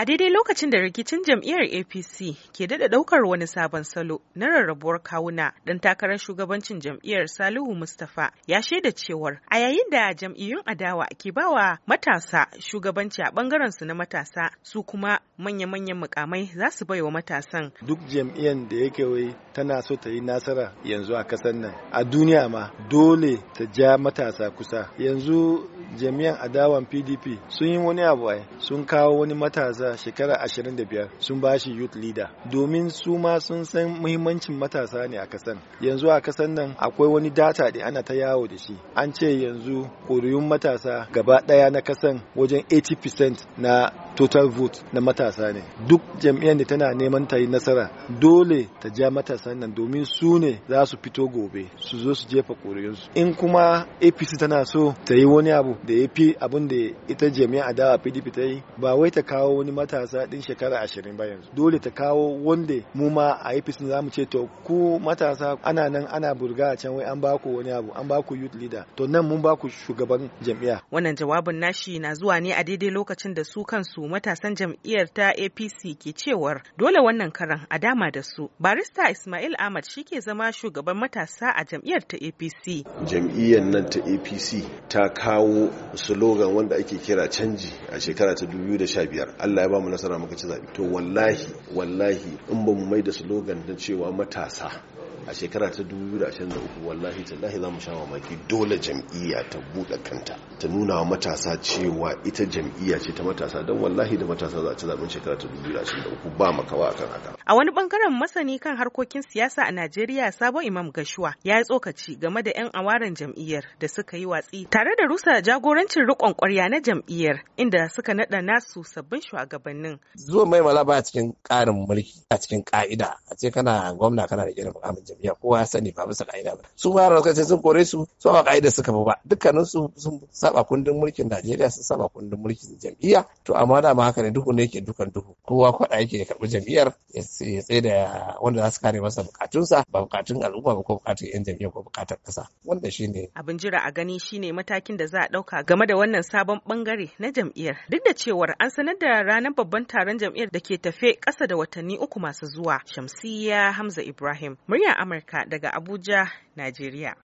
A daidai lokacin da rikicin jam'iyyar APC ke daɗa ɗaukar wani sabon salo na rarrabuwar kawuna ɗan takarar shugabancin jam'iyyar Salihu Mustapha ya shaida cewar a yayin da jam'iyyun adawa ke bawa matasa shugabanci a ɓangaren su na matasa su kuma manya-manyan mukamai za su baiwa matasan. Duk jam'iyyar da yake wai tana so ta yi nasara yanzu a kasar nan a duniya ma dole ta ja matasa kusa yanzu jam'iyyan adawan PDP sun yi wani abu ai sun kawo wani matasa shekara 25 sun ba shi youth leader domin su ma sun san muhimmancin matasa ne a kasan yanzu a kasan nan akwai wani data da ana ta yawo da shi an ce yanzu ƙuri'un matasa gaba ɗaya na kasan wajen 80% na total vote na matasa ne duk jam'iyyar da tana neman ta yi nasara dole ta ja matasa nan domin su ne za su fito gobe su zo su jefa ƙuri'unsu in kuma apc tana so ta yi wani abu da ya fi abin da ita jami'a adawa pdp ta yi ba wai ta kawo wani matasa din shekara ashirin ba yanzu dole ta kawo wanda mu ma a apc za mu ce to ku matasa ana nan ana burga a can wai an ba ku wani abu an ba ku youth leader to nan mun ba ku shugaban jam'iyya wannan jawabin nashi na zuwa ne a daidai lokacin da su kansu matasan jam'iyyar ta APC ke cewar dole wannan karan a dama da su. Barista Ismail Ahmad shi ke zama shugaban matasa a jam'iyyar ta APC. Jam'iyyar nan ta APC ta kawo slogan wanda ake kira canji a shekara ta 2015. Allah ya ba mu nasara muka ci zaɓe. To wallahi wallahi in ba mu mai da slogan na cewa matasa a shekara ta 2023 wallahi tallahi za mu sha mamaki dole jam'iyya ta buɗe kanta ta nuna wa matasa cewa ita jam'iyya ce ta matasa don wallahi da matasa za a ci zaben shekara ta dubu da uku ba makawa akan haka. A wani bangaren masani kan harkokin siyasa a Najeriya Sabo Imam Gashuwa ya yi tsokaci game da 'yan awaren jam'iyyar da suka yi watsi tare da rusa jagorancin rikon kwarya na jam'iyyar inda suka naɗa nasu sabbin shugabannin. Zuwa mai mala ba cikin ƙarin mulki a cikin ƙa'ida a ce kana gwamna kana da irin mukamin jam'iyya kowa ya sani ba bisa ƙa'ida ba. Su ma sun kore su su ma ƙa'ida suka ba dukkanin su sun saba kundin mulkin Najeriya sun saba kundin mulkin jam'iyya to amma da ma haka ne duhu ne yake dukan duhu kowa kwada yake ya karbi jam'iyyar ya tsaye da wanda za su kare masa bukatunsa ba bukatun al'umma ba ko bukatun yan jam'iyya ko bukatun kasa wanda shine abin jira a gani shine matakin da za a dauka game da wannan sabon bangare na jam'iyyar duk da cewar an sanar da ranar babban taron jam'iyyar da ke tafe kasa da watanni uku masu zuwa Shamsiyya Hamza Ibrahim murya Amurka daga Abuja Najeriya